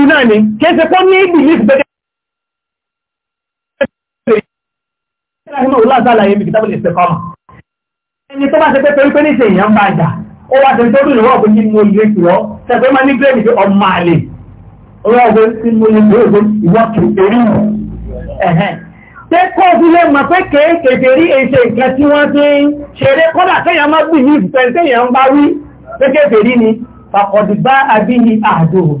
náà ni kéèsẹ̀ pọ́ ní ìbìlì gbẹ́gẹ́ ẹni tó bá ṣe pé torípé ní ṣe èèyàn bá jà ó wá ṣe torí ìrọ̀ ọ̀gbìn ní mo lè kì ọ́ ṣẹ̀fẹ́ máa ní gírèmì pé ọmọ àlè ọ̀rọ̀ ọ̀gbìn tí mo lè kì ọ́ ìwọ́ kì erí mọ̀ ṣé kó o fi lè mọ̀ pé kéékèèké rí èṣe nǹkan tí wọ́n ti ń ṣeré kódà kéèyàn má bì ní ìfẹ́ kéèyàn bá wí kéékèèké rí ni pàkọ̀dùbá àbí ni àdóhùn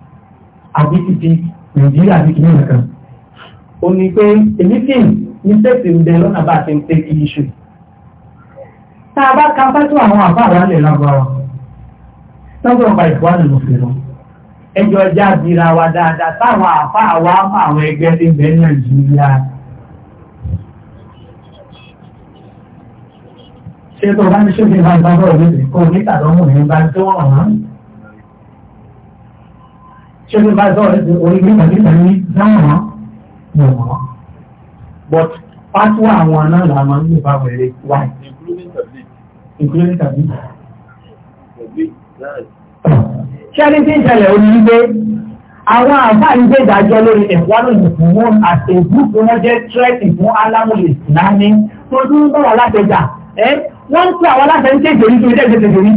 àbí títí nàìjíríà àbí kìíní nìkan. ó ní pé èmi kì í sẹ́ẹ̀sì ń bẹ lọ́nà bá a ti ń pé kí iṣu. tá a bá ka fẹ́tọ́ àwọn àbá àrà lè lábọ́ wa lọ́gbọ̀n ọba ìfọwọ́ nínú fèrè ẹjọ́ ẹja bira wa dáadáa táwọn àfa àwa mọ àwọn ẹgbẹ́ tí ń bẹ ní nàìjíríà. ṣé tó bá ní ṣé kí n bá ń bá bọ́ọ̀lù kò ní tàdánwò ní bá ń tó wọ̀n ṣẹ́gun bá sọ̀rọ̀ ẹ̀sìn orí nígbà nígbà ní dáhùn mọ̀ mọ́. but pátúwà àwọn náà là máa ń lè bá wẹ̀rẹ̀ wáyé. including tàbí. ṣẹ́ni tí ń ṣẹlẹ̀ orí wípé àwọn àǹfààní gbé ìdájọ́ lórí ẹ̀wọ́nù ìfúnmọ́ àti ìbúkú wọn jẹ́ tírẹ́tì fún alámúlẹ̀ ìsìlámì tó dúró bọ̀wọ̀ látẹjà wọ́n ń pè àwọn aláṣẹ ń kéde orí tó ń tẹ̀sẹ̀ tẹ̀sẹ̀ orí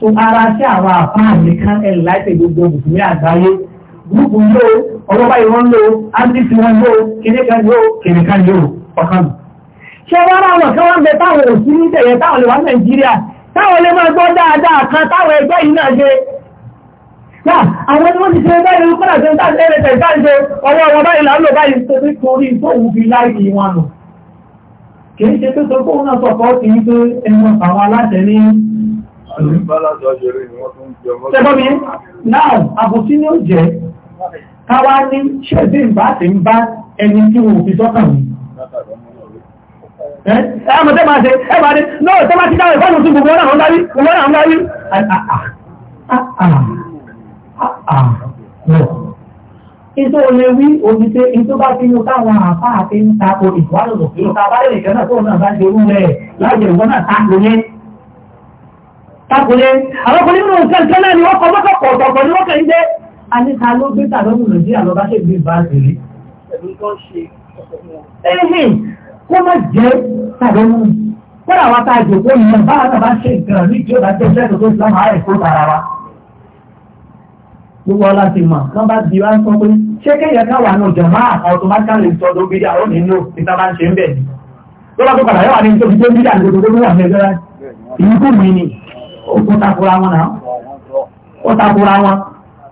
so ara sí àwọn àfáà nìkan ẹ̀ láìpẹ́ gbogbo mùsùlùmí àgbáyé gúrùpù ló ọlọ́pàá yìí wọ́n lò áńtífì wọn lò kìnìkan lò kìnìkan lò ọ̀kan. ṣé wọ́n máa wọ̀ kí wọ́n bẹ táwọn òsì ní tẹ̀lé táwọn lè wá nàìjíríà táwọn lè máa gbọ́ dáadáa kan táwọn ẹgbẹ́ yìí náà ṣe. yá àwọn tí wọ́n ti ṣe ẹgbẹ́ yìí kọ́nà tó ń tàbí ẹ̀rẹ̀ tẹ̀ káàṣe ọwọ́ ọmọ báyìí là ń lò báyìí torí torí tóun fi láìpì wọn nù. kì í ṣe tó sọ Ṣẹ́gbọ́n mi, náà àbòsí ni ó jẹ́ káwá ní ṣẹ́dé ìbá ti ń bá ẹni tí wọ́n fi sọ́kàn mi. Ẹ mọ̀ tẹ́ máa ṣe, ẹ máa ṣe, náà tẹ́ máa ti dáwọ̀ ìfọ́nù sí gbogbo ọ̀nà àwọn dárí, gbogbo ọ̀nà àwọn dárí. Ìtò olè wí òdìṣe ìtò bá fi yóò táwọn àfáà fi ń tako ìwádìí òfin, ìta bá lè kẹ́nà tó náà bá ṣe rú rẹ̀ láyé ìwọ náà tako takùnlé àwọn ọkùnrin nínú nǹkan kan náà ni wọ́n kọ́ mọ́kànkọ̀ ọ̀tọ̀ọ̀tọ̀ ni wọ́n kàn ń gbé aníta ló gbé tàbí nàìjíríà lọ bá ṣe gbé bá rèé ẹ̀hìn kó má jẹ́ tàbí mú kódà wá tá a jòkó yìí bá wọn bá ṣe nǹkan ní kí ó bá jẹ́ fẹ́ẹ́ tó tó ìsìlámù àárẹ̀ kó tara wa gbogbo ọlá ti mọ̀ wọ́n bá di wá ń sọ pé ṣé kéèyàn ká wà náà jọ̀mọ́ automatically sọ tó gbéjà ó nínú ìta bá ń ṣe ń bẹ̀ ni lọ́wọ́ tó padà yóò wà ní nítorí tó gbéjà ní gbogbo tó wà ní ẹgbẹ́ rẹ̀ ìyíkú mi ni ogun takura wọn náà ó takura wọn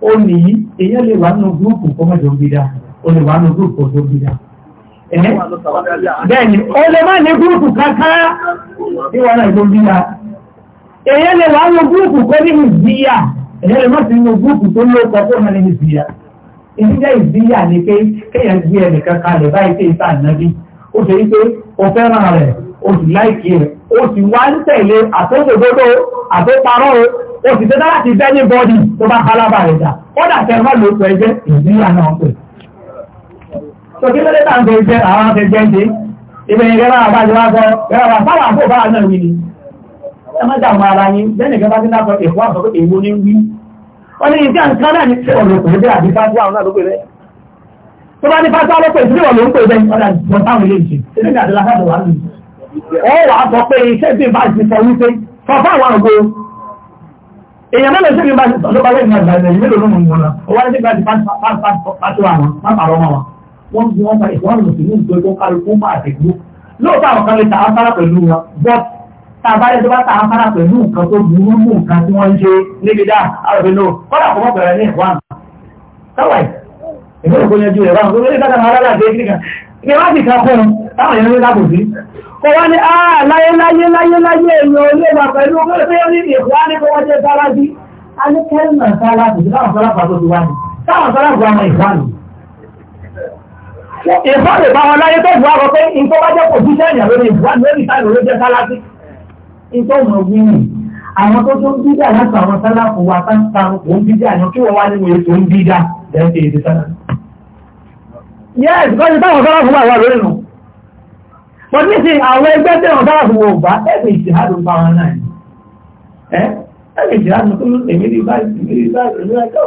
ó ní èyàn lè wà nínú gúrùpù kó mẹ́jọ gbídá ó lè wà nínú gúrùpù tó gbídá bẹ́ẹ̀ni o lè má ní gúrùpù kankan tí wọ́n gbídá èyàn lè wà nínú gúrùpù ìzíyà èyàn lè má sí nínú gúrùpù tó ló ìzíyà ìzíyà ni pé kéèyàn gbé báyìí ṣe fẹ́ràn rẹ̀ o sì láìkí rẹ̀ o sì wá ń tẹ̀lé àtọ́sọ̀gbọ́dọ̀ àtọ́parọ́ o o sì tẹ́tà láti bẹ́ ní bọ́ọ̀dì tó bá kálábà rẹ̀ dà kọ́dà tẹ́ má lóko ẹgbẹ́ ìdíyà náà pè. sọ̀kí lóde tá à ń tẹ jẹ́ àwọn afẹ́ jẹ́ ń ṣe ibẹ̀ yẹn gẹ́gẹ́ bá wá sọ gẹ́gẹ́ bá sábà àpò bá náà wí ni. ẹ má dààmú ara yín bẹ́ẹ̀ni gẹ́gẹ́ bá ti dá sọ èkó àsọ pé èwo ni wí. wọ́n ní ìdí àǹkan náà ní ṣé ọ̀rọ̀ pẹ̀lú bí àbí fásitì àwọn náà ló pè bẹ́ẹ̀. tó bá ní fásitì àwọn ló pè sí ọ̀rọ̀ ló ń pè bẹ́ẹ̀ ọ̀dà ìjọba àwọn ilé ìṣe wọ́n wà bọ̀ pé iṣẹ́ bí bá ti sọ wípé fọ́fọ́ àwọn àgbo èèyàn mẹ́lẹ̀ sí bí bá ti sọ ló bá lẹ́yìn àgbà ilẹ̀ mélòó ló mú wọn lọ wọ́n wá sí bá ti pàṣẹ wọn pàpàrọ̀ wọn wa wọ́n bí wọ́n bá ìwọ́n lò sí ní ìgbé tó kálukú máa tẹ̀gbó lóòótọ́ àwọn kan lè ta afárá pẹ̀lú wọn bọ́ tá a bá yẹ tó bá ta afárá pẹ̀lú nǹkan tó bu wọ́n mú nǹkan tí wọ́n ń ṣe níbi dáa àròbí lò kọ́dà kọ́ bẹ̀rẹ̀ ní ìwọ́n. káwáì ìgbésẹ̀ kò yẹn ju ìwọ́n ní wá sì kápọ̀ táwọn èèyàn ló dákò sí kò wá ní àà ah, láyé láyé láyé láyé èèyàn olóògbà pẹ̀lú pé ó ní ìwá ní kó wọ́n jẹ́ sáláàdì a ní kẹ́rìnà sáláàdì táwọn sọ́lápàá tó ti wá ní táwọn sọ́lápàá ọmọ ìfàlù ìfàlù bá wọn láyé tó ìwà ni àwọn tó tó ń bídà láti àwọn sáláàpù wa sáńtà òun bídà ni kí wọ́n wá nínú ètò ń bídà lẹ́yìn èdè sáláàdì yes because kọ́ni táwọn sára fún àwọn lórí nù but this nísìnyí àwọn ẹgbẹ́ tí wọ́n sára fún wọn bá ẹ̀mí ìṣèhádù ń bá wọn náà ni ẹ́ ẹ̀mí ìṣèhádù tó ń tèmi rí báyìí tèmi rí báyìí tèmi rí báyìí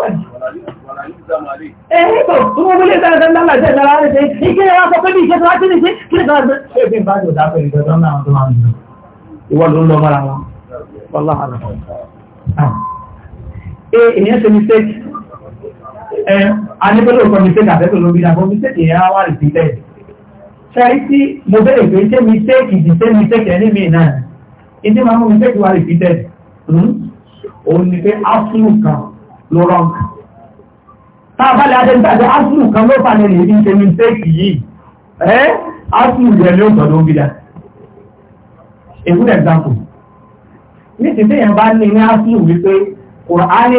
ẹ̀ ẹ̀ tó tó wọ́n wọlé dáadáa ńlá láti ẹ̀dá láti ṣe ìké ẹ̀rọ sọ pé bí ìṣẹ́ tó wá sí ní ṣe kí ni tó wá sí ṣé bí ìbájú ọ̀dà pẹ̀lú ìgbẹ́dọ́ náà tó máa ń lò ìwọ ló ń lọ mọ́ra wọn wọ́lá àná. èèyàn ṣe mistake a ní pẹ́lú ọ̀kan mistake àtẹ́tò lórí ìdàgbọ́ mistake yẹn á wà lè sílẹ̀ ṣáà tí mo bẹ̀rẹ̀ pé ṣé mistake ìdìṣẹ́ mistake ẹni mi náà ìdí máa mú mistake wà lè sílẹ̀ hmm? òun ni pé áfúlù kan ló rọ̀ nǹkan tá a bá lè adé nígbà tí áfúlù kan ló fà ní lè ní ṣe mistake yìí ẹ́ áfúlù rẹ̀ ló sọ̀rọ̀ lórí ìdà a good example ní ti tẹ́yàn bá ní ní áfúlù wípé kùránì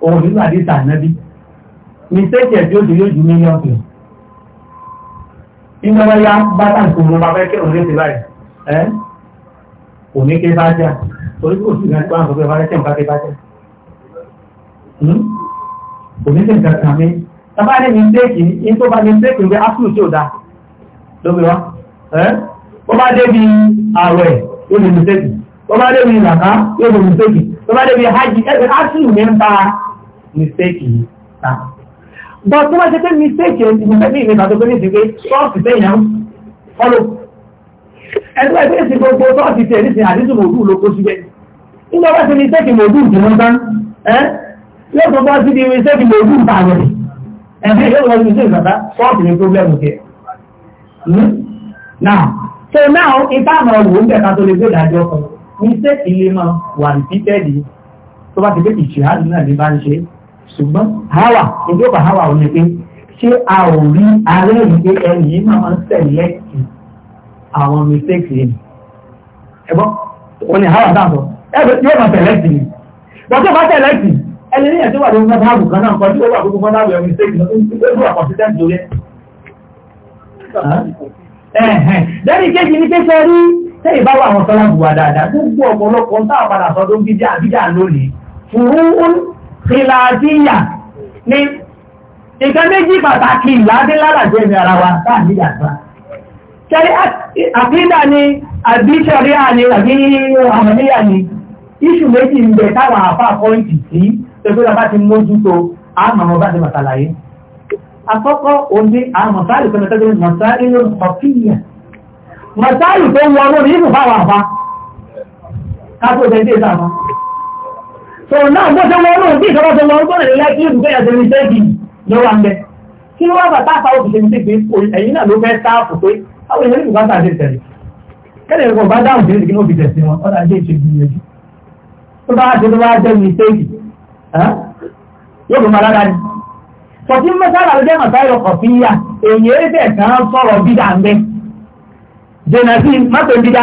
òun nínú àdìsá ànábì mistake ẹ̀ tí ó ti yóò ju mílíọ̀nù kìí nígbà wọ́n yá bátà nǹkan mọ́ bàbá ẹ̀kẹ́ òun léṣe báyìí ẹ́ kò ní ké bá jà torí kò sí ìrìnàjò àwọn ọ̀gbẹ́ bàbá ẹ̀kẹ́ nǹkan ké bá jà hmm? kò ní ké nǹkan kan mi bàbá ní mistake ní tó bá mistake ní absolute tí ò da lóbi wá ẹ́ ó bá débi ààwẹ̀ yóò ní mistake ó bá débi ìlànà yóò ní mistake ó bá débi hajj ẹ̀sìn absolute ní ń ta mistake yìí ta. but tó bá ṣe pé mistake ẹ̀ ní sẹ́mi ìrìn àti ògbóni ìsìnkú ṣọ́ọ̀ṣì sẹ́yìn náà fọ́lọ́. ẹni bá ṣe é ti gbogbo ṣọ́ọ̀ṣì tiẹ̀ ní sin àdísù mòdù ló kó síbẹ̀. nígbà bá ṣe mistake mòdù jù wọ́n tán ẹ́ yóò tó bá síbi mistake mòdù ta rẹ̀ ẹ̀fẹ́ yóò lọ sí mistake bàbá ṣọ́ọ̀ṣì ní problem tiẹ̀. Hmm? now so now ìta àmọ̀ ọ̀gbọ̀n kẹta tó lè gbé ìdájọ́ kan mistake ilé máa wà repeated tó bá ti pé ìṣèhádùn náà ní bá ń ṣe ṣùgbọ́n háwà ìdí ọba háwà ò ní pé ṣé a ò rí arẹ́ yìí pé ẹni yìí máa ń sẹ̀lẹ́kì àwọn mistakes yìí ẹ̀gbọ́n ò ní háwà dáàbọ̀ ẹ̀gbọ́n yóò máa sẹ̀lẹ́kì ni bọ́n tó bá sẹ̀lẹ́kì ẹni ní ẹ̀sìn wà ló ń gbá báàbù kan náà kọjú owó àkókò kan láwùjọ mistakes ló wà consistent lórí ẹ̀. lẹ́nu ìkejì ní kéṣe rí sẹ́yìn bá wà àwọn sọ́lá kìláàdíyà ni nǹkan méjì pàtàkì ìlàdínlálàjẹ́ ní ara wa ìyàgbá ni àbí ṣẹ̀ríà ni àbí àmàlíyà ni iṣu méjì ń bẹ táwọn àfa pọ́ǹtì sí pẹ̀lú ọba ti mójútó ti màtàlàyé àkọ́kọ́ òní tó tó ní ká tó tó náà bó ṣe wọ́n lóun bí ìjọba ṣe wọ́n gbọ́dọ̀ nílẹ̀ kí ìbùkẹ́ yàtọ̀ ní sẹ́ẹ̀dì lọ́wọ́ àgbẹ̀ kí wọ́n bá táàpù àwọn òṣìṣẹ́ ní pé ẹ̀yìn náà ló fẹ́ táàpù pé àwọn èèyàn nígbà tá a ṣe tẹ̀lé kẹ́lẹ̀ ẹ̀kọ́ bá dáhùn sí ìdíkínú òbí tẹ̀sí wọn ọ̀dà ṣe ìṣe gbìyànjú tó bá ṣe tó bá jẹ́ ní sẹ́ẹ̀dì yóò fún malára ni tọ́tí mẹ́sàlá ló jẹ́ màtáyọ̀ kọ̀fíyà èyí ẹ̀fẹ̀ kan sọ̀rọ̀ bídà ń bẹ́ jẹ̀nà sí mọ́tò bídà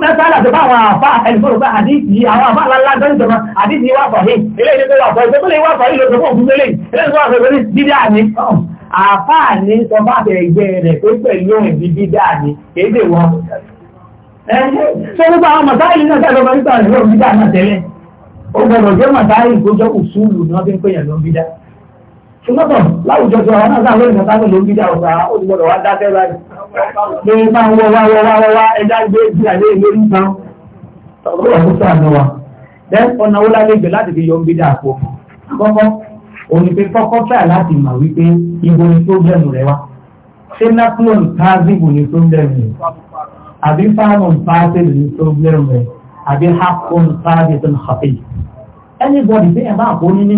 mẹ́sàlá tó bá àwọn àfá ẹ̀lùfọ́rọ̀ bá àdíjì àwọn àfá aláàlá gbẹ́nìjọba àdíjì wà fọ̀ yìí ilé ìdíkò wà fọ̀ yìí tó lè wà fọ̀ yìí lọ́sọ̀kọ̀ òfin mẹ́lẹ̀ ilé ìdíkò wà fọ̀ yìí dídí àní àfá ní sọ bá bẹ̀rẹ̀ ẹgbẹ́ rẹ̀ tó pẹ̀lú ìdí dídí àní kéde wọn. ṣé gbogbo àwọn màtáyì náà sọ̀rọ̀ bá nípa ìrọ̀ bídà náà tẹ́lẹ̀ ó gbọ́dọ̀ jẹ́ màtáyì tó jẹ́ òṣùlù náà fi ń pèyàn lọ bídà ṣùgbọ́n láwùjọ tí wọn náà lórí ìmọ̀ta ló ń bí dáwọ̀ta ó ti gbọ́dọ̀ wá dákẹ́ báyìí pé máa wọ wá wọ wá wọ wá ẹja gbé bí àlẹ́ lórí ìtàn ọgbọ́n ọ̀hún sọ àná wa bẹ́ ọ̀nà ó lálẹ́ ìgbẹ́ láti fi yọ ń bí dà pọ̀ kọ́kọ́ òun ni pé kọ́kọ́ fẹ́ láti mọ̀ wípé ibo ni tó bẹ̀rù rẹ wa ṣé naplon tazibu ni tó bẹ̀rù rẹ àbí fáwọn pàṣẹlú ni tó bẹ̀rù rẹ àbí hapon pàṣẹlú ni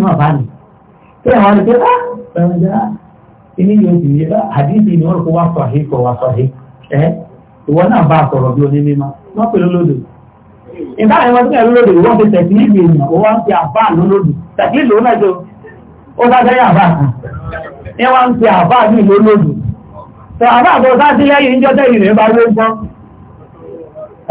pé àwọn àdìgbẹ́ bá ẹ̀rọ jẹ́ ilé yóò sì ọrụ bá àdìsí ni ọrụ kó wá sọ ọrụ kọ̀ wá sọ ọrụ ẹ̀ ìwọ náà ọrụ a sọ̀rọ̀ bí ọrụ mímọ́ wọ́n pè ọrụ ìgbà àwọn ọmọdé ọrụ lólódò wọ́n fi ọrụ èèyàn ó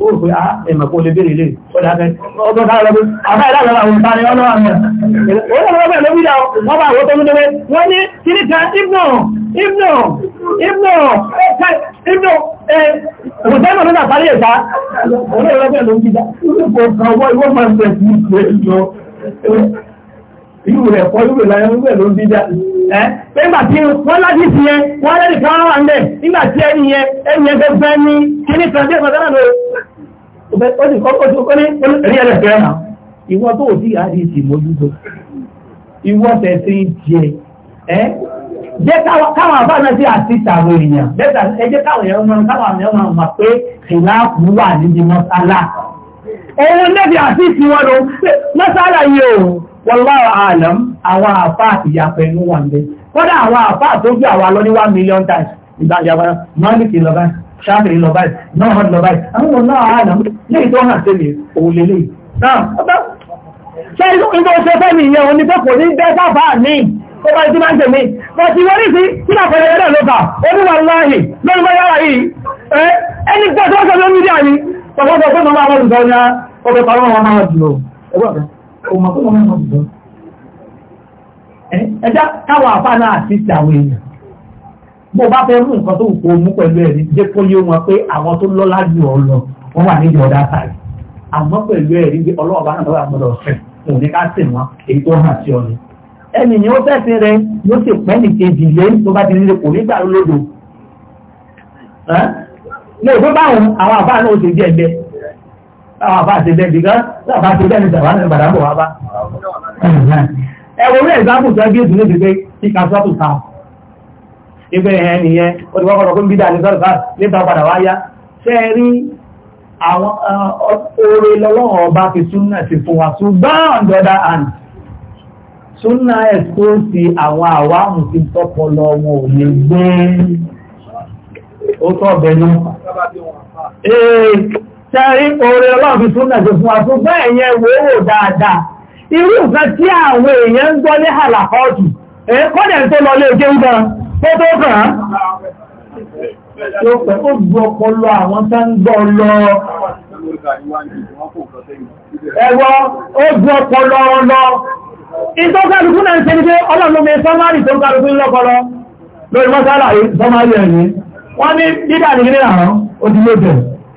ó pè á ah, ẹ̀mọ̀kó lè bèèrè lè ọdá abẹ́ ọdọ́ dáadọ́ bí àbá ìdájọba àwọn ìtàrí ọlọ́wà mẹ́rin ó lọ́wọ́ bẹ̀rẹ̀ ló wíjà wọ́n bá àwọn tó ń dẹ́wẹ́ wọ́n ní kìíní kan ibnu ibnu ibnu ibnu ọ̀sẹ̀nà ló náà parí ẹ̀dá ọlọ́wọ́ bẹ̀rẹ̀ ló wíjà irú rẹ̀ fọ́ irú rẹ̀ láyé wíwẹ̀ ló ń bí já ẹ́ nígbà tí wọ́n láti fi yẹn wọ́n lẹ́dì kan wà ńlẹ̀ nígbà tí ẹni yẹn ẹni yẹn fẹ́ fẹ́ ní kíní kan dé ọ̀sán náà rí ẹ̀rẹ̀ fẹ́ hàn ìwọ tó ti àdìsí mójútó ìwọ tẹ̀sí jẹ ẹ́ jẹ́ káwọn àbáná sí àti ìtàwọn èèyàn bẹ́ẹ̀ ẹ jẹ́ káwọn èèyàn máa káwọn èèyàn máa mọ̀ pé kìláàpù wà níbi mọ́sálà òun lẹ́bi àti ìsìn wọn lò mọ́sálà yìí o wallahu alam àwọn àfá àti ìyàpẹ̀ inú wà ń bẹ kódà àwọn àfá tó gbé àwa lọ ní one million times ìgbà ìyàwó mọ́lìkì lọ báyìí ṣáàkiri lọ báyìí náà lọ báyìí àwọn wallahu alam ní ìtọ́ hàn tẹ́lẹ̀ òun lélẹ̀ náà ṣe ìgbà òṣè fẹ́ mi ìyẹn òní pé kò ní bẹ́ sáfà ní ó bá ìdí máa ń tèmi wọ́n ti wọ́n ní sí sílà pẹ̀lẹ̀ ẹ̀rẹ́ ló fà oníwà láàyè lórí bá yára yìí ẹni pẹ́ tó wọ́n sọ lórí ní àyí pọ̀pọ̀pọ̀ tó máa wọ́n sọ ní ọgbẹ̀ pàrọ̀ wọn máa jùlọ ẹgbẹ́ ọmọ tó wọn náà dùn. ẹja káwọn àfa àti ti àwọn èèyàn bó o bá fẹ́ mú nǹkan tó kò mú pẹ̀lú ẹ̀rí jẹ́ kó yé wọn pé àwọn tó lọ́lá jù ọ lọ wọ́n wà níbi ọ̀dà sáré àmọ́ pẹ̀lú ẹ̀rí bí ọlọ́ọ̀bá náà lọ́wọ́ àgbọ̀dọ̀ ọ̀sẹ̀ òun ní ká sì wọn èyí tó hàn sí ọ ni. ẹnì yẹn ó fẹ́sìn rẹ yóò sì pẹ́ ní kejì lé tó bá ti nílé kò ní gbà lódò. lè gbé báwọn àwọn àbá náà ó ti jẹ́ ẹgbẹ́ àwọn àbá àti bẹ́ẹ̀ bìkan láàbá àti bẹ́ẹ̀ ní sàwọn àti bàdà bọ̀ ẹ̀wọ̀n ní ẹ̀gbáàpù tó ẹgbẹ́ ìdùnnú ti kí kásọ́ tó ta ìgbẹ́ ẹ̀ nìyẹn ó ti wọ́pọ̀ lọ́kọ́ ń bí ní níta padà ọba fi súnà sí fún wa ṣùgbọ́n ọ̀dọ́dá àná súnà sí àwọn wọn ò gbé tẹ́rí oore ọlọ́run fi súnmọ̀ sí fún àtún bẹ́ẹ̀ yẹn wòówò dáadáa irú nǹkan tí àwọn èèyàn ń gbọ́ ní àlàkọ́ọ̀tù tó lọ lé ojú gan tó tó kàn án ó gbọ́ ọpọlọ àwọn tó ń gbọ́ lọ ẹ̀wọ́ ó gbọ́ ọpọlọ lọ ìtọ́kàlùkù náà ń ṣe ní pé ọlọ́run mi sọ́márì tó lórí mọ́sálà ẹ̀yìn wọ́n ní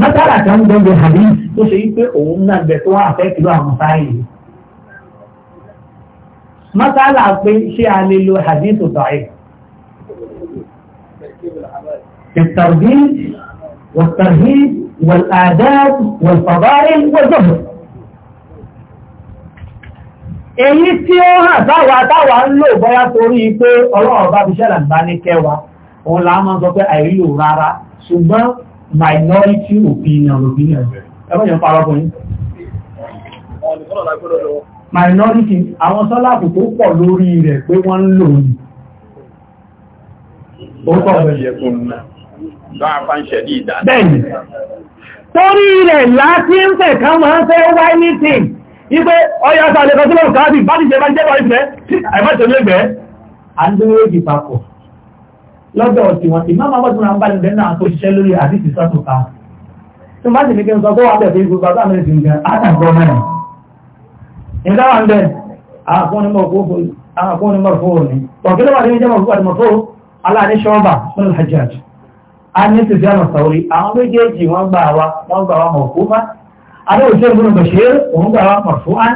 mọ́tàlá kan gbọ́dọ̀ hadith tó ṣe yí pé òun náà bẹ̀ tó wà àfẹ́kì lọ àwọn sáyẹn mọ́tàlá pé ṣé a lè lo hadith tó tọ̀ẹ́ الترغيب والترهيب والآداب والفضائل والجبر èyí tí ó hàn táwa táwa ń lò bọ́yá torí pé ọlọ́run bá fi ṣẹlẹ̀ ní kẹwàá òun làá máa ń sọ pé àìrílò rárá ṣùgbọ́n minority opinion opinion ẹgbẹ́ yẹn parọ́ fún yín minority àwọn sọ́làpù tó pọ̀ lórí rẹ̀ pé wọ́n ń lò ní ó pọ̀ bẹ̀rẹ̀ torí rẹ̀ láti ń fẹ̀ ká máa fẹ́ wá ní tí ipé ọya àtàlẹ́kọ̀ọ́sílọ̀ káàbì bá ti jẹ bá jẹ́ bá ìfẹ́ àìbá tẹ̀lé ẹgbẹ́ lọ́dọ̀ ọ̀sìn wọn ìmọ̀ máa bọ́dún náà balẹ̀ bẹ́ẹ̀ náà tó ṣiṣẹ́ lórí àdìsí sọ́tò ká tó má sì ní kí n sọ pé wàá bẹ̀ fún gbogbo àbá mi sìn gan àtàkọ́ mẹ́rin ìdá wà ń bẹ̀ àkóónimọ̀ fóònù ọ̀kẹ́lẹ́ wà ní jẹ́mọ̀ fún àdìmọ̀fó aláàní ṣọ́ọ̀bà fún alhajjaj a ní ti fi àmọ̀ sàórí àwọn méjèèjì wọ́n gbà wá wọ́n gbà wá mọ̀fúnfà adéwò ṣe gbọ́nà bàṣír òun gbà wá mọ̀fúnfà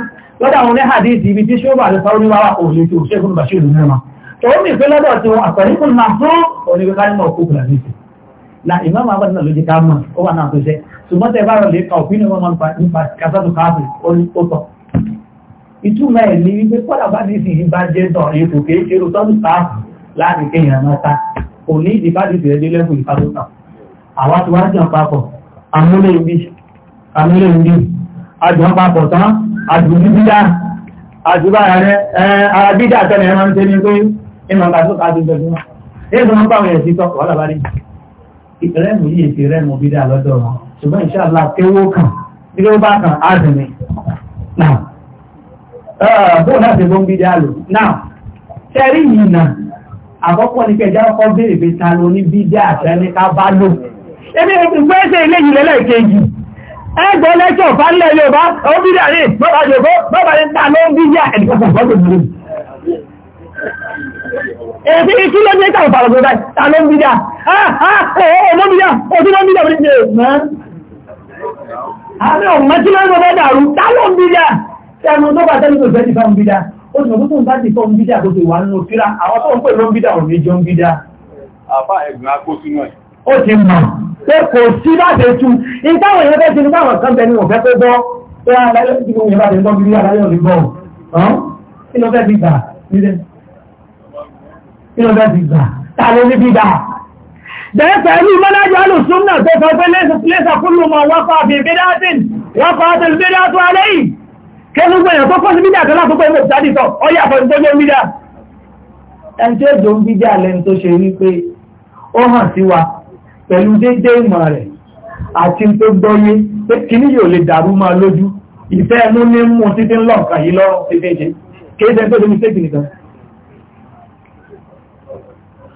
tí ṣọ́ọ̀bà àti sàórí tòun ní ìpínlẹ̀dọ̀ tí wọn àtọ̀ríkùn máa fún onígbèká nínú ọkọ̀ òkúra níbi na ìmọ̀ máa bàtà lójú ká mọ̀ ó wà náà tó ṣe ṣùgbọ́n tẹ bá rọ̀ lè ka òfin wọn máa nípa kásátù káàpì ó tọ̀ ìtumọ̀ ẹ̀ ní wípé kọ́dà bá ti sì bá jẹ́ tọ̀rí ipò kéé ṣe tọ́jú káàpì láàrin kéèyàn máa ta kò ní ìdíbàdì tẹ̀lé lẹ́kùn ìfàdókà àwa ti wá jẹun papọ̀ amúlé ibi amúlé ibi àjọ papọ̀ tán àjò bíbí dá àjò ada rẹ ara bídà tẹ́lẹ̀ máa ń tẹ́lẹ̀ pé ẹnu ọba tó kájú gbẹdún náà èyí tó ń bá àwọn ẹ̀sìn tọkọ̀ ọ̀là bá rí ìrẹ́mù yìí ti rẹ́mù bí dáa lọ́dọ̀ wọn ṣùgbọ́n ìṣàlá kéwó kan bí ó bá kan á dùn mí. bó náà ṣe fún bí dáa lò náà ṣẹ́rí yìí nà àkọ́kọ́ ní kẹjá ọkọ̀ béèrè pé ta ló ní bí dáa ṣẹ́ ní ká bá lò. ebi ìgbẹ́ ẹsẹ̀ ilé yìí lẹ́lẹ́kejì ẹgbẹ́ lẹ́tọ̀ fálẹ̀ Yorùbá ó bí dáa ní bọ́bá Yorùbá ní ta ló ń bí dáa èdè kí ló dé tàbí pàrọ̀ gbọ́dá ta ló ń bí dà ọmọ bí dà òtí ló ń bí dà bí dè mọ́ àmì ọ̀mọ́ tí ló ń gbọ́dá dàrú ta ló ń bí dà ẹnu tó bá tẹ́lú tó fẹ́ ti fẹ́ ń bí dà ó sì mọ̀ tó ń bá ti fọ́ ń bí dà tó ti wà nínú fíra àwọn tó ń pè ló ń bí dà òní jọ ń bí dà. àbá ẹ̀gbọ́n akó sínú ẹ̀. ó ti mọ̀ pé kò sí láti tu ìtàwọn èèyàn fẹ́ ti ní báwọn kan bẹ ní tó gbọ́ pé aláyọ̀ tí mo yẹ bá ti ń gbọ́ bí aláyọ̀ ní gbọ́ ọ́n kí ló fẹ́ fi gbà nílẹ̀ kí ló bẹ́ẹ̀ ti gbà ta ló ní bíbá. bẹ́ẹ̀ pẹ̀lú mọ́nájú alùsùn náà tó sọ pé lẹ́sà kúlù mọ̀ wáfà bí bídáàtìn wáfà tó lè bídá tó alẹ́ yìí kí ló gbẹ̀yàn tó kọ́ sí bídá tó látó pé mo tàbí sọ ọyà àfọ̀ tó jẹ́ bídá. ẹni tó jọ ń bídá lẹ́nu tó ṣe wípé ó hàn sí wa pẹ̀lú déédéé ìmọ̀ rẹ̀ àti tó gbọ́yé pé kíní yóò lè dàrú máa lójú ìfẹ́ ẹnu ní mú títí ńlọ́ọ̀kà yìí lọ́rùn títí ṣe kéde tó lè mistake nìkan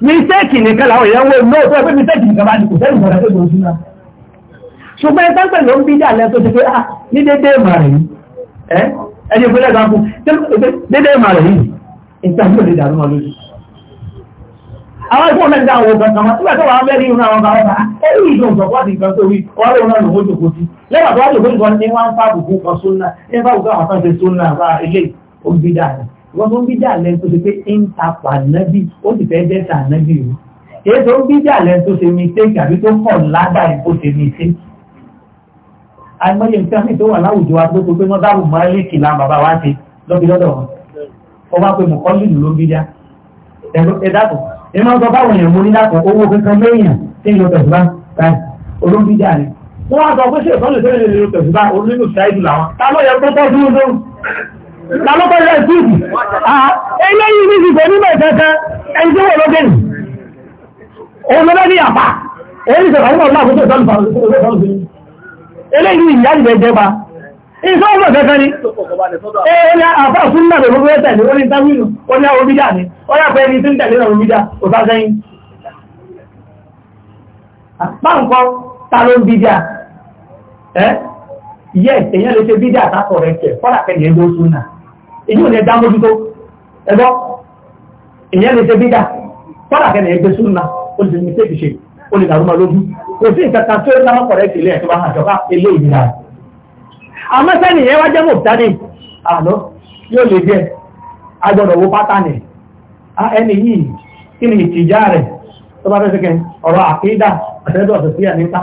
mistake nìkan làwọn èèyàn wọ́n lóò tó ẹgbẹ́ mistake nìkan bá ní kò sẹ́yìn ìgbàlá tó gbòòrò sínú ṣùgbọ́n ẹgbẹ́ pẹ̀lú ń bí dàlẹ́ tó ṣe pé ah ní dédé ìmọ̀ rẹ̀ yìí ẹ́ ẹni ìpínlẹ̀ kan fún dédé ìmọ̀ rẹ̀ yìí nǹkan tó lè dàrú wọn lójú. àwọn ìfowó mẹ́ta àwọn ọ̀gá kan wọn tó wà bẹ́ẹ̀ ní ìrún àwọn ọ̀gá wọn ẹ ní ìjọ ìjọba ti nǹkan tó rí wọn lóun náà lòun jòkó sí lẹ́wà tó wá jòkó sí kan wọ́n wọ́n tó ń bí jàlẹ́ tó ṣe pé ń tapà nábì ó sì fẹ́ dẹ́sà nábì o èyí tó ń bí jàlẹ́ tó ṣe mistake àbí tó kọ̀ ládàá tó ṣe mistake. àìmọye nǹkan mi tó wà láwùjọ wa tó tó pé wọ́n dáhùn mọ́lẹ́kì láwọn bàbá wa ṣe lọ́bi lọ́dọ̀ wọn wọ́n bá pe mọ̀kọ́lìlù ló ń bí já ẹ dákun ẹ máa ń sọ báwọn èèyàn mo ní dákun owó kankan méèyàn tí ń lọ pẹ̀lú bá báyìí olóńgbí já ni wọ́n á sọ pé ṣé ìtọ́jú tẹ́lẹ̀ lè lọ pẹ̀lú bá olóńgbí lálọ́pọ̀ ilẹ̀ ìdíìdì eléyìí ní ìgbẹ̀ nígbẹ̀ kẹ́kẹ́ ẹni tí wọ́n lókè nì òun lọ́lẹ́ ní àpá èyí sọ̀rọ̀ àwọn ọmọ àkókò ìtọ́lùfà eléyìí ìyá ìgbẹ̀ jẹba iṣẹ́ ọmọ kẹ́kẹ́ ni ẹ̀yà àpá fún náà lọ́wọ́ tẹ̀lé ó ní tábìlù ó ní omídà ni ó yà pé ẹni tí ń tẹ̀lé náà omídà kò sá sẹ́yìn àpá nǹkan ta ló ń bí díà ẹ́ yes èyàn lè ṣe bídí àtàkọ̀ rẹ̀ kẹ̀ fọ́nà kẹ́yìn ẹgbẹ́ oṣù náà èyí ò ní ẹ̀dá mójútó ẹgbọ́ èyàn lè ṣe bídí fọ́nà kẹ́yìn ẹgbẹ́ oṣù náà ó lè ṣe ṣe ṣe ó lè dàrú ma lójú kò sí nǹkan kan tó ń dáná kọ̀ rẹ̀ kẹ̀lẹ́ ẹ̀ tó bá hàn jọba ilé ìlera rẹ̀ àmọ́ sẹ́ni ìyẹn wá jẹ́ mọ̀ dání àlọ́ yóò lè jẹ́ agbọ́dọ̀ wo pátánì ẹni yìí kí ni ìtìjà rẹ̀ tó bá fẹ́ sẹ́kẹ̀ ọ̀rọ̀ àkídà àtẹ́dọ̀ ọ̀sẹ̀ sí ẹ̀ níta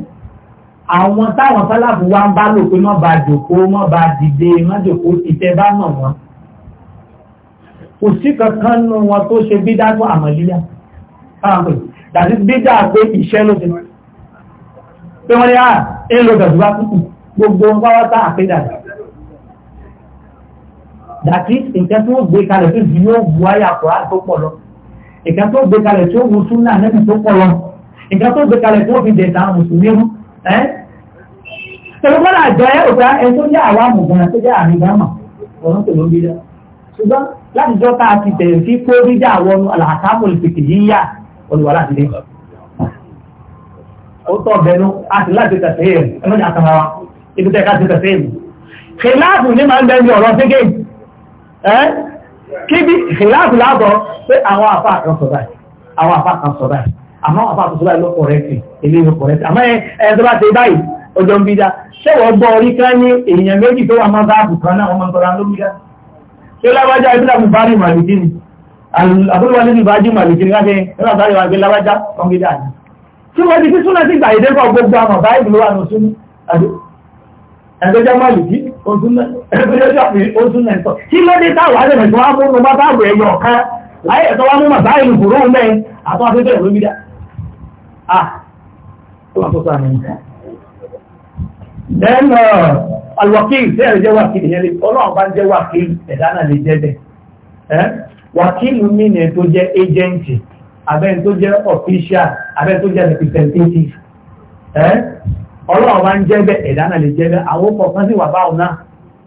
àwọn táwọn sálàfù wa ń bá lò pé má ba jòkó má ba dìde má jòkó ìfẹ́ bá nà wọ́n kò sí kankan nù wọn tó ṣe bídá tó àmọ̀líyà káàpẹ̀ dàbí bídá pé ìṣẹ́ ló ti pé wọ́n ní à ah, ń lo dọ̀tí wá kúkú gbogbo ń wáwá tá àpéjà dàtí nǹkan tó gbé kalẹ̀ tó di yóò bu ayé àkùrá tó pọ̀ lọ nǹkan tó gbé kalẹ̀ tó wu súnà nẹ́bí tó pọ̀ lọ nǹkan tó gbé kalẹ̀ tó fi dẹ̀ta mùsùlùmí rú ẹ́ tẹ̀wọ́n kọ́lá àjọ ẹ̀ òkúta ẹ tó jẹ́ àwa mọ̀gbọ́n tó jẹ́ àmì gámà ọ̀run tó ló bí dá ṣùgbọ́n láti jọ tá a ti tẹ̀lé sí kó bí dá àwọn àlàkámọ̀ ìpèkè yìí yá olùwà láti dé. ó tọ́ bẹnu a sì láti tẹ̀sẹ̀ yẹn ẹ mọ́jà àtàrà wa ibi tẹ̀ ká ti tẹ̀sẹ̀ yẹn. kìláàfù ní máa ń bẹ ní ọ̀rọ̀ fíkè ẹ kíbi kìláàfù láàbọ̀ pé àwọn àfa kan sọ báyìí àwọn àfa kan sọ báyìí àmọ́ àfa ọjọ́ ń bídá ṣẹ́wọ̀ gbọ́ orí ká ní èèyàn méjì tó wà máa bá àbùkù kan náà wọ́n máa ń tọ́ra ló bídá ṣé lábájá ìbílẹ̀ mú bá rí màlìdí ni àbúrò wa níbi ìbájú màlìdí ni láti ẹ̀rọ àbárí wa gbé lábájá kan bídá ni. tí wọ́n ti fi súnà sí ìgbà èdè kan gbogbo àmọ̀ bá ìbúlò wà nù sún ẹ̀dọ́já màlìdí kí ló dé ah ó wà then uh, alwakil ṣé ẹ̀rọ jẹ́ wakil yẹn lè ọlọ́run bá ń jẹ́ wakil lè jẹ́ bẹ́ẹ̀ wakil mi ni jẹ́ agent abẹ́ni jẹ́ official abẹ́ni jẹ́ representative ọlọ́run bá ń jẹ́ bẹ́ẹ̀ na lè jẹ́ àwọn ọkọ̀ kan sì wà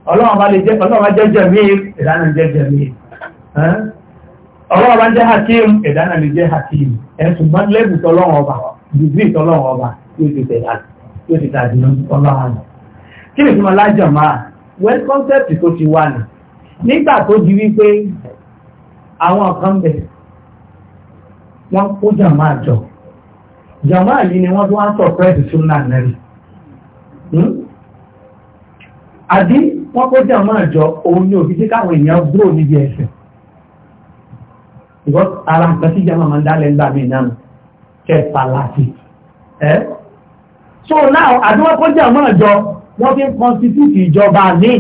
ọlọ́run jẹ́ ọlọ́run hakim hakim ẹ̀sùn mọ́lẹ́bù tọ́lọ́run ọba tọ́lọ́run yóò ti tàbí ọlọ́run. kí ni ìfúnmọ́ lájọ̀ máa well concept tó ti wà nù nígbà tó di wípé àwọn kan bẹ̀ wọ́n kó jàmáà jọ jàmáà yìí ni wọ́n tó wá sọ pẹ́ẹ́sì súnà nẹ́rì hmm? àbí wọ́n kó jàmáà jọ òun ni òfin tí káwọn èèyàn dúró níbi ẹ̀sìn ìwọ́n ara nǹkan tí jàmáà máa ń dálẹ̀ ńgbà mí náà kẹ́ẹ̀ pàlàsì ẹ́ so now àdúrókọjà mọ́ ìjọ wọ́n fi ń constitute ìjọba ní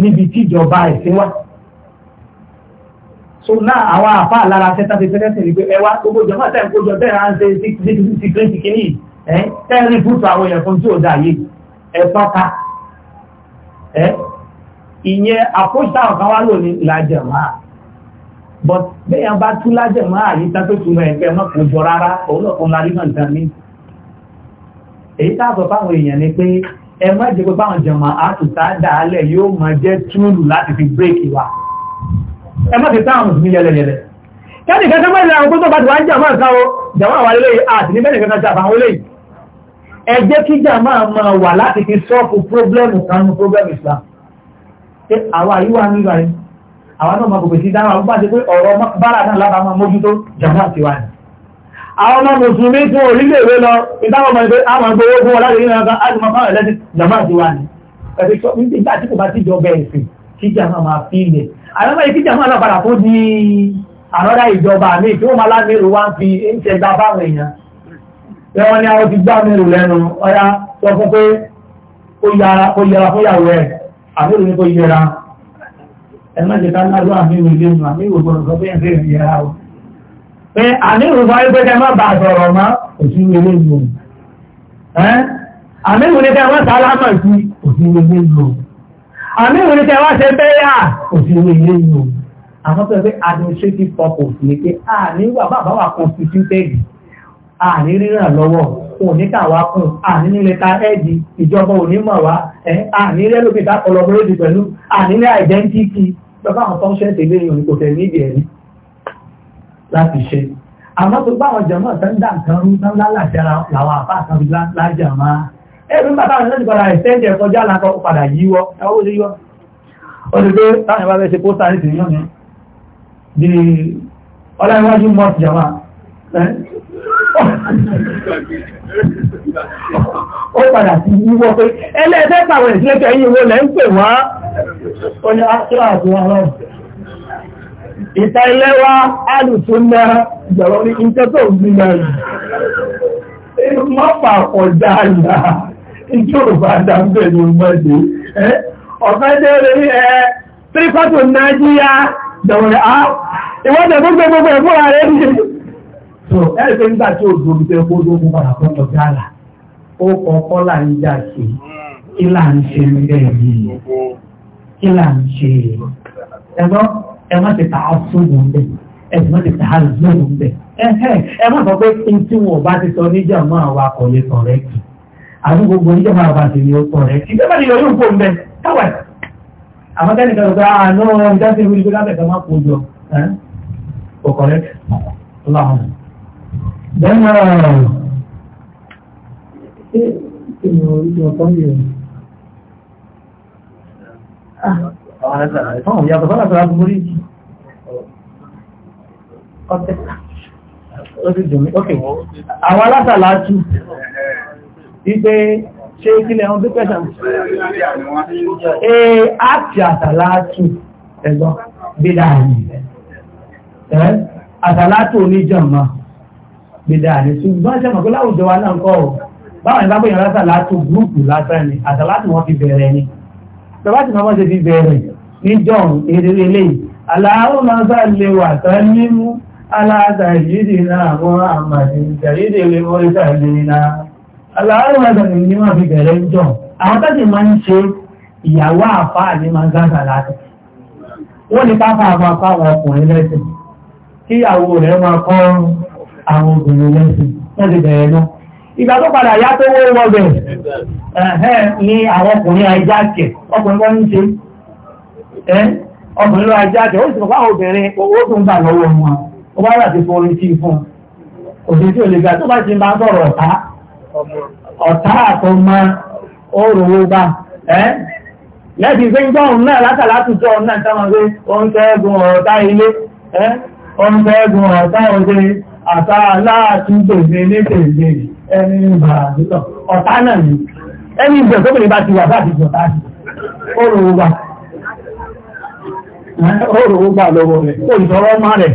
níbi tí ìjọba ẹ̀sìn wà so now àwọn àfa àlára tẹ́tà ti fẹ́rẹ́ sí ni pé ẹ wá gbogbo ìjọba tẹ̀ ń kójọ bẹ́ẹ̀ à ń ṣe ti kírẹ́ǹtì kìíní ẹ̀ tẹ́rì fútu àwọn èèyàn fún tí ò dá yé ẹ̀ tọ́ka ẹ̀ ìyẹn àkóṣà ọ̀kan wá lò ní làjẹ̀mọ́ but bẹ́ẹ̀ yẹn bá tú làjẹ̀mọ́ àyíká tó túmọ̀ ẹ̀gbẹ́ mọ́ kò jọ rárá òun náà kò ń larí náà dání èyí táàbọ̀ fáwọn èèyàn ni pé ẹ má jẹ́ pé báwọn jẹmọ̀ àtúntà dáálẹ̀ yóò máa jẹ́ túlù láti fi bírèkì wa ẹ má ti táwọn mùsùlùmí yẹlẹyẹlẹ kẹ́ni kẹ́kẹ́ mọ́ ìlànà àwọn tó bá ti wá ń jàmọ́ ìta o jàmọ́ àwọn ilé àti ní bẹ́ẹ̀ kẹ́kẹ́ jàmọ́ ilé ẹ jẹ́ kí jàmọ́ máa wà láti fi sọ́ọ̀fù pírọ́blẹ́mù kan ní pírọ́blẹ́mù Islam pé àwa yìí wà nígbà yìí àwa náà máa kò pèsè dáhùn àwọn bá ti pé ọ̀rọ̀ bára náà lábàá máa mójútó jàmọ́ àti wáyé àwọn ọmọ mùsùlùmí fún orílẹ̀-èdè lọ ìdáwọn ọmọ ìgbẹ́ àwọn agbówó fún ọlá ìrìnà ọ̀gá àjùmọ̀ fáwọn ẹ̀lẹ́dì jàmá ti wà ní ẹ̀fẹ́ sọ nígbà tí kò bá tíjọ bẹ̀rẹ̀ sí kí jàmá máa fi ilẹ̀ àwọn ọmọ ìkí jàmá náà padà fún di àrọ́dá ìjọba mi tí ó máa lámìrò wá ń fi ń tẹ gba báwọn èèyàn lẹ́wọ́n ni àwọn ti gbá mìrò lẹ́nu ọ̀yá sọ fún pé ó yẹra fún yàwó ẹ̀ àbúrò ní kó yẹra ẹ̀ má jẹ́ ká lárú àmì ìwé lẹ́nu àmì ìwé gbọ́dọ̀ sọ pé ẹ̀ pé àníhùn sọ wípé kẹ́ ẹ má bà sọ̀rọ̀ mọ́ òsì ilé ìlú àníhùn ní kẹ́ ẹ má sálámà sí òsì ilé ìlú àníhùn ní kẹ́ ẹ má ṣe bẹ́yà òsì ilé ìlú àwọn tó yẹ pé administrative purpose ni pé àníwà bàbá wa constituted àní ríràn lọ́wọ́ òní káwá kún àní nílé ta ẹ́ẹ̀dì ìjọba òní mọ̀ wá ẹ̀ àní rẹ́ lókè dákọ̀ lọ́gbọ́n lóde pẹ̀lú àní rẹ́ àìdẹ́ntìkì bàbá àwọn tó ń ṣẹ́ǹtì lẹ́yìn òní kò tẹ̀ ní ìdí ẹ̀rí láti ṣe àmọ́ tó bá àwọn jẹ̀mọ́ tó ń dà nǹkan rú tán lálàṣẹ làwọn àpá kan fi lájà máa ẹ̀rù bàbá àwọn ẹ̀sìn padà ẹ̀sẹ̀ǹdì ẹ̀kọ́ já lakọ̀ padà yíwọ́ ẹ̀wọ́ ó ṣe yíwọ́ ó ti pé táwọn ìbá fẹ́ ṣe pósítà ní tìrìyàn ni di ọláyíwájú mọ́ọ̀tì jàmá ó padà sí yíwọ́ pé ẹlẹ́ẹ̀ẹ́dẹ́gbàwẹ̀ ìṣẹ́kẹ̀ yíwọ́ lẹ́ ń pè wá ó ní ìta ilẹ́wà alùtù ná ìjọ̀rọ̀ tó ń gbìnà yìí mọ́pà ọ̀dà àyà ní tí ó tẹ́ kó ó sí ṣe ń yìí ẹ má ti tàá sóòmù ńbẹ ẹ sì má ti tàá zóòmù ńbẹ ẹ má sọ pé tí wọn bá ti sọ níjà máa wà kọ̀ lè tọ̀ rẹ kì àbí gbogbo níjà máa bá ti ní ó tọ̀ rẹ kì ìjọba ni yọ̀ọ́ yóò kó ńbẹ káwẹ̀ àmọ́tẹ́ni kan sọ ah no ìjà ti wí pé lábẹ̀ kan má kó jọ kò kọ̀rẹ́ láwọn. Bẹ́ẹ̀ni ṣé ìmọ̀ orí ọ̀pọ̀ ah. yẹ̀ ọ̀tẹ̀ ok àwọn alásàlá tú wípé ṣe ìkílẹ̀ ọdún dúpẹ́sà ee àti àsàlá tú ẹ̀gbọ́n bídà ní ẹ̀ àsàlá tú oníjàmá bídà ní ṣùgbọ́n ṣe mọ̀ pé láwùjọ wa náà kọ́ ọ̀ báwọn ìbá bóyá lásà látò gúrùpù lásán ni àtàlátì wọn fi bẹ̀rẹ̀ ni tọ́bá tí wọ́n ṣe fi bẹ̀rẹ̀ ní john eré eléyìí ala سيدنا محمد سيد المرسلين aláàrùwẹ̀dọ̀ ni ní wọ́n fi bẹ̀rẹ̀ jọ àwọn máa ń ṣe ìyàwó àfá àti máa ń gáàsà láti wọ́n ní káfà àfáfá àwọn ọkùnrin lẹ́sìn kí ìyàwó rẹ̀ máa kọ́ àwọn obìnrin lẹ́sìn wọ́n ti bẹ̀rẹ̀ lọ ṣe ó bá láti fún orin tí ì fún òṣèlú tí ò lè gbà tó bá ti máa sọ̀rọ̀ ọ̀tá ọ̀tá àtọmọ òrùwó bá ẹ́ lẹ́bi pé ń tọ́hún náà látàlá àtúntò ọ̀hún náà táwọn pé ó ń tẹ́gun ọ̀tá ilé ẹ́ ó ń tẹ́gun ọ̀tá òde àtà aláàtúntò ní ní tèmi ẹni ìgbà àdúgbò ọ̀tá náà ni ẹni ìgbà gómìnà bá ti wà bá ti jọta sí òrùwó bá òrùwó lọ́wọ́ rẹ̀ kò ìtọ́rọ́ má rẹ̀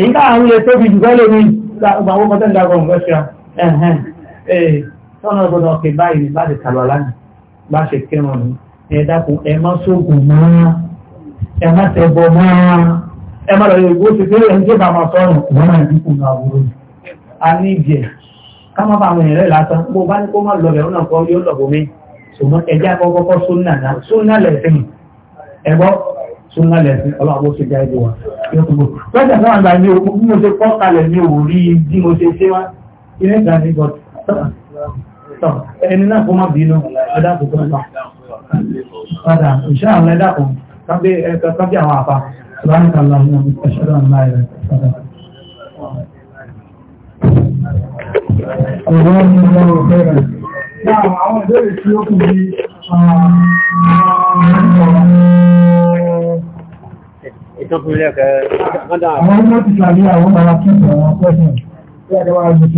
èyí ká àwọn ilẹ̀ tóbi jù gọ́lẹ̀ mi gbà owó kọ́tẹ́ ìdàgbọ̀n gọ́ṣà ẹ̀hẹ́n ẹ̀ẹ́ tọ́nà ọgbọ́dọ̀ ọkẹ̀ báyìí bá ti kàlọ́ lánàá bá ṣe kírun ní ẹ dákun ẹ má sóògùn máa ẹ má tẹ̀bọ máa ẹ má lọ ìgbó ti pé ẹni tí bá máa sọ̀rọ̀ wọn náà dínkù ní a ní ìbìẹ̀ ká má bá àwọn èèyàn rẹ̀ lásán bó bá ní kó má lọ bẹ̀rù náà kọ́ yóò lọ bọ̀ mí ṣùgbọ́n ẹjẹ́ àkọ́kọ́ súnmọ́ lẹ́sìn ọlọ́run ṣe já ìdíwà lọ́kùnrin lọ́jà náà gbà ní okùn bí mo ṣe kọ́ kalẹ̀ ní òórí bí mo ṣe ṣe wá ilé ìgbà ní gọ́tọ̀ ẹni náà kó má bínú ẹ̀dá kò tó lọ padà ìṣe àwọn ẹ̀dá kan kábí ẹ̀ka kábí àwọn àpá láti kàlà ní ọmọ ìṣẹ́lẹ̀ ńlá rẹ̀ Ọ̀rọ̀ ni mo rò fẹ́rẹ̀. Náà àwọn ìbéèrè tí ó kù bí ah, ah, ah, ìtàn fún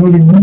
ilé ẹ̀kẹ́